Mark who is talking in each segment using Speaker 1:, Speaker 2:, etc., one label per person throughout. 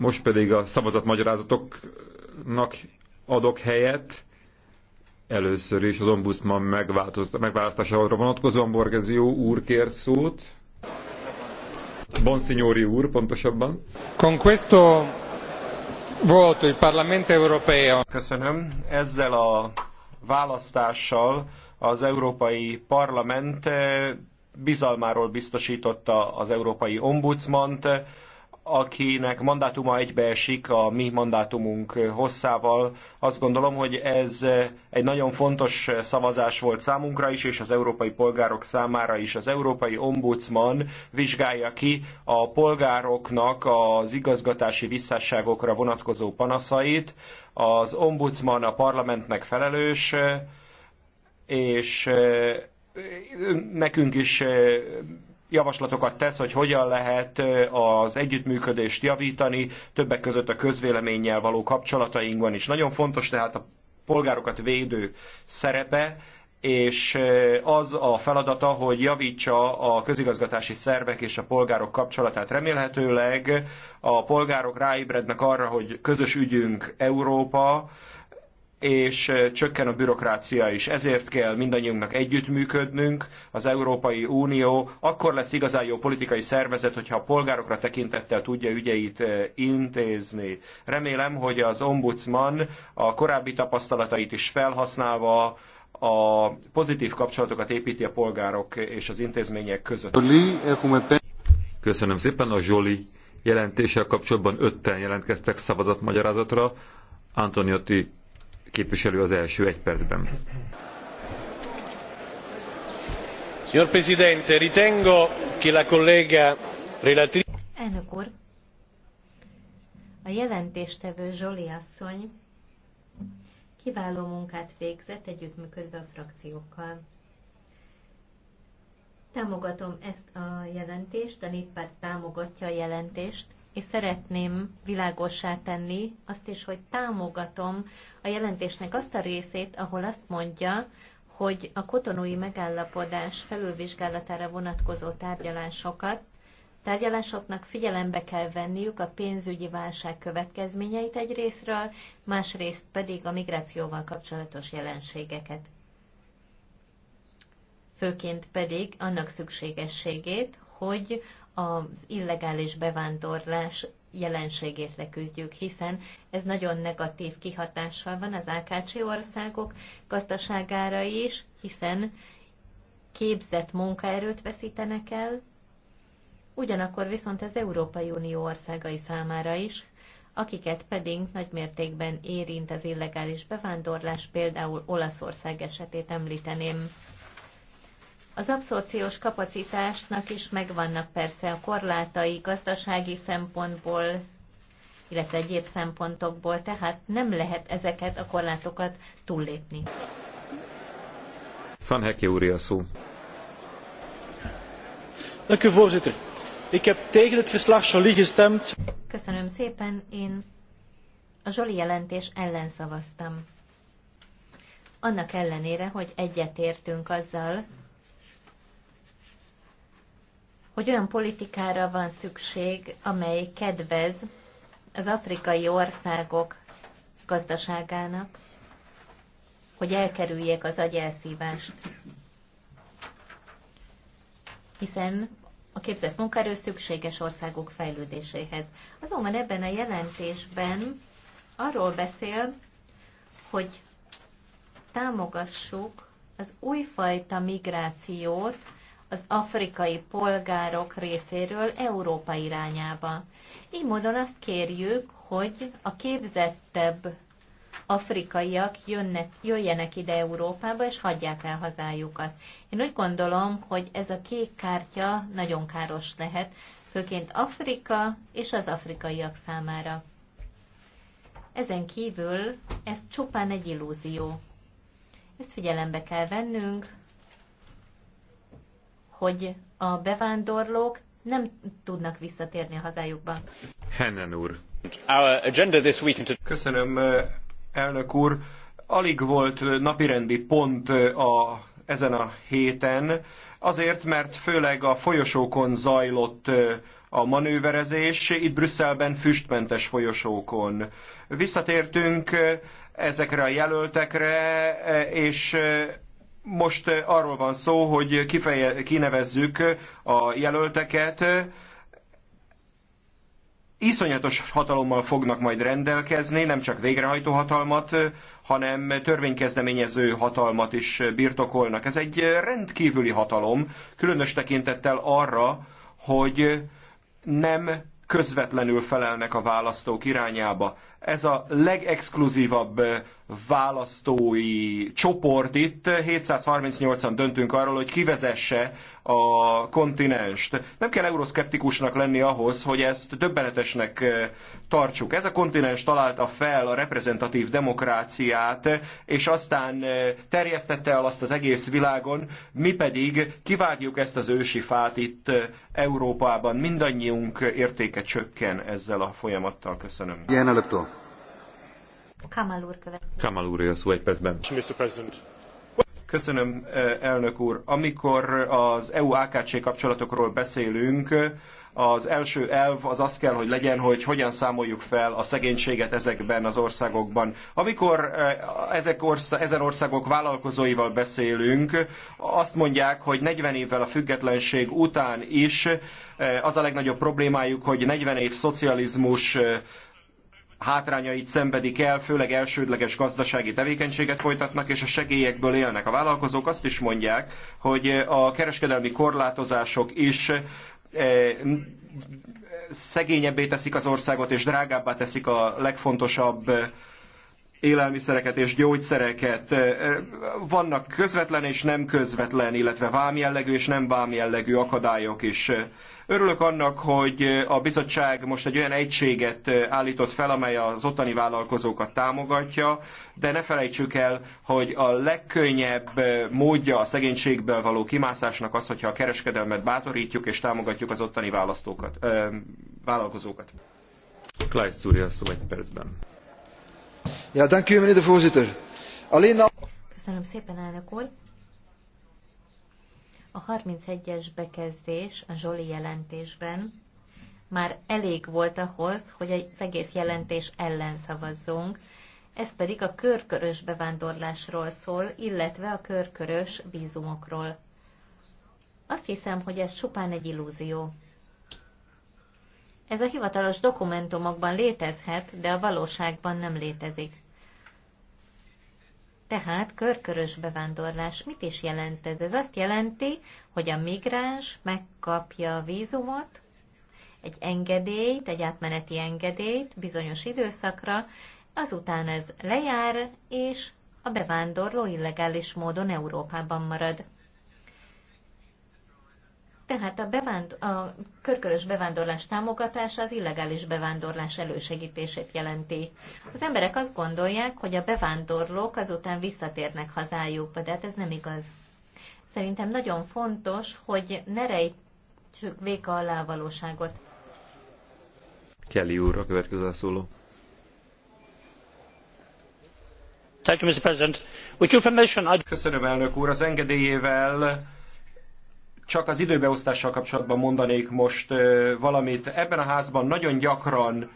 Speaker 1: Most pedig a szavazatmagyarázatoknak adok helyet. Először is az ombudsman megválasztására vonatkozóan Borgezió úr kért szót. Bonsignori úr, pontosabban. Con questo voto il Parlamento europeo. Köszönöm. Ezzel a választással az Európai Parlament eh, bizalmáról biztosította az Európai Ombudsmant, akinek mandátuma egybeesik a mi mandátumunk hosszával. Azt gondolom, hogy ez egy nagyon fontos szavazás volt számunkra is, és az európai polgárok számára is. Az európai ombudsman vizsgálja ki a polgároknak az igazgatási visszásságokra vonatkozó panaszait. Az ombudsman a parlamentnek felelős, és nekünk is javaslatokat tesz, hogy hogyan lehet az együttműködést javítani, többek között a közvéleménnyel való kapcsolatainkban is. Nagyon fontos tehát a polgárokat védő szerepe, és az a feladata, hogy javítsa a közigazgatási szervek és a polgárok kapcsolatát. Remélhetőleg a polgárok ráébrednek arra, hogy közös ügyünk Európa, és csökken a bürokrácia is. Ezért kell mindannyiunknak együttműködnünk. Az Európai Unió akkor lesz igazán jó politikai szervezet, hogyha a polgárokra tekintettel tudja ügyeit intézni. Remélem, hogy az ombudsman a korábbi tapasztalatait is felhasználva a pozitív kapcsolatokat építi a polgárok és az intézmények között. Köszönöm szépen a Zsoli jelentéssel kapcsolatban ötten jelentkeztek szavazatmagyarázatra. Antoniotti képviselő az első egy percben.
Speaker 2: Signor Presidente, ritengo che la collega relatrice... Elnök úr, a jelentéstevő Zsoli asszony kiváló munkát végzett együttműködve a frakciókkal. Támogatom ezt a jelentést, a néppárt támogatja a jelentést, és szeretném világossá tenni azt is, hogy támogatom a jelentésnek azt a részét, ahol azt mondja, hogy a kotonói megállapodás felülvizsgálatára vonatkozó tárgyalásokat tárgyalásoknak figyelembe kell venniük a pénzügyi válság következményeit egy részről, másrészt pedig a migrációval kapcsolatos jelenségeket. Főként pedig annak szükségességét, hogy az illegális bevándorlás jelenségét leküzdjük, hiszen ez nagyon negatív kihatással van az AKC országok gazdaságára is, hiszen képzett munkaerőt veszítenek el, ugyanakkor viszont az Európai Unió országai számára is, akiket pedig nagymértékben érint az illegális bevándorlás, például Olaszország esetét említeném. Az abszorciós kapacitásnak is megvannak persze a korlátai gazdasági szempontból, illetve egyéb szempontokból, tehát nem lehet ezeket a korlátokat túllépni.
Speaker 1: Van Hekje úr a szó.
Speaker 2: Dank u voorzitter. Ik heb tegen het verslag gestemd. Köszönöm szépen, én a Zsoli jelentés ellen szavaztam. Annak ellenére, hogy egyetértünk azzal, hogy olyan politikára van szükség, amely kedvez az afrikai országok gazdaságának, hogy elkerüljék az agyelszívást. Hiszen a képzett munkaerő szükséges országok fejlődéséhez. Azonban ebben a jelentésben arról beszél, hogy támogassuk az újfajta migrációt, az afrikai polgárok részéről Európa irányába. Így módon azt kérjük, hogy a képzettebb afrikaiak jönnek, jöjjenek ide Európába, és hagyják el hazájukat. Én úgy gondolom, hogy ez a kék kártya nagyon káros lehet, főként Afrika és az afrikaiak számára. Ezen kívül ez csupán egy illúzió. Ezt figyelembe kell vennünk, hogy a bevándorlók nem tudnak visszatérni a hazájukba.
Speaker 1: Hennen úr. Köszönöm, eh, elnök úr. Alig volt eh, napirendi pont eh, a, ezen a héten, azért, mert főleg a folyosókon zajlott a manőverezés, itt Brüsszelben füstmentes folyosókon. Visszatértünk ezekre a jelöltekre, és most eh, arról van szó, hogy kifeje, kinevezzük eh, a jelölteket, iszonyatos hatalommal fognak majd rendelkezni, nem csak végrehajtó hatalmat, eh, hanem törvénykezdeményező hatalmat is birtokolnak. Ez egy rendkívüli hatalom, különös tekintettel arra, hogy nem közvetlenül felelnek a választók irányába ez a legexkluzívabb eh, választói csoport itt. 738-an döntünk arról, hogy kivezesse a kontinenst. Nem kell euroszkeptikusnak lenni ahhoz, hogy ezt döbbenetesnek eh, tartsuk. Ez a kontinens találta fel a reprezentatív demokráciát, és aztán eh, terjesztette el azt az egész világon, mi pedig kivágjuk ezt az ősi fát itt Európában. Mindannyiunk értéke csökken ezzel a folyamattal. Köszönöm. Ilyen előttől.
Speaker 2: Kamal úr következik.
Speaker 1: Kamal úr, szó egy percben. Mr. President. Köszönöm, eh, elnök úr. Amikor az EU-AKC kapcsolatokról beszélünk, az első elv az az kell, hogy legyen, hogy hogyan számoljuk fel a szegénységet ezekben az országokban. Amikor eh, ezek ezen országok vállalkozóival beszélünk, azt mondják, hogy 40 évvel a függetlenség után is eh, az a legnagyobb problémájuk, hogy 40 év szocializmus hátrányait szenvedik el, főleg elsődleges gazdasági tevékenységet folytatnak, és a segélyekből élnek. A vállalkozók azt is mondják, hogy a kereskedelmi korlátozások is eh, szegényebbé teszik az országot, és drágábbá teszik a legfontosabb eh, élelmiszereket és gyógyszereket. Vannak közvetlen és nem közvetlen, illetve vámjellegű és nem vámjellegű akadályok is. Örülök annak, hogy a bizottság most egy olyan egységet állított fel, amely az ottani vállalkozókat támogatja, de ne felejtsük el, hogy a legkönnyebb módja a szegénységből való kimászásnak az, hogyha a kereskedelmet bátorítjuk és támogatjuk az ottani választókat, vállalkozókat. Klajsz úr, egy percben. Köszönöm
Speaker 2: szépen, elnök úr. A 31-es bekezdés a Zsoli jelentésben már elég volt ahhoz, hogy az egész jelentés ellen szavazzunk, ez pedig a körkörös bevándorlásról szól, illetve a körkörös vízumokról. Azt hiszem, hogy ez csupán egy illúzió. Ez a hivatalos dokumentumokban létezhet, de a valóságban nem létezik. Tehát körkörös bevándorlás mit is jelent ez? Ez azt jelenti, hogy a migráns megkapja a vízumot, egy engedélyt, egy átmeneti engedélyt bizonyos időszakra, azután ez lejár, és a bevándorló illegális módon Európában marad. Tehát a, bevánd, a körkörös bevándorlás támogatása az illegális bevándorlás elősegítését jelenti. Az emberek azt gondolják, hogy a bevándorlók azután visszatérnek hazájukba, de hát ez nem igaz. Szerintem nagyon fontos, hogy ne rejtsük véka alá a valóságot.
Speaker 1: Kelly úr, a következő szóló. Köszönöm, elnök úr. Az engedélyével csak az időbeosztással kapcsolatban mondanék most valamit. Ebben a házban nagyon gyakran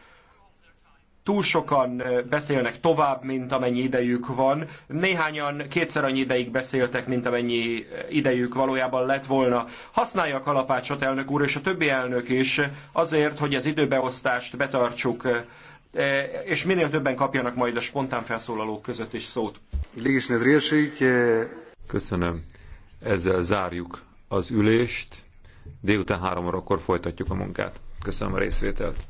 Speaker 1: túl sokan beszélnek tovább, mint amennyi idejük van. Néhányan kétszer annyi ideig beszéltek, mint amennyi idejük valójában lett volna. Használja a kalapácsot, elnök úr, és a többi elnök is azért, hogy az időbeosztást betartsuk, és minél többen kapjanak majd a spontán felszólalók között is szót. Köszönöm. Ezzel zárjuk az ülést. Délután három órakor folytatjuk a munkát. Köszönöm a részvételt.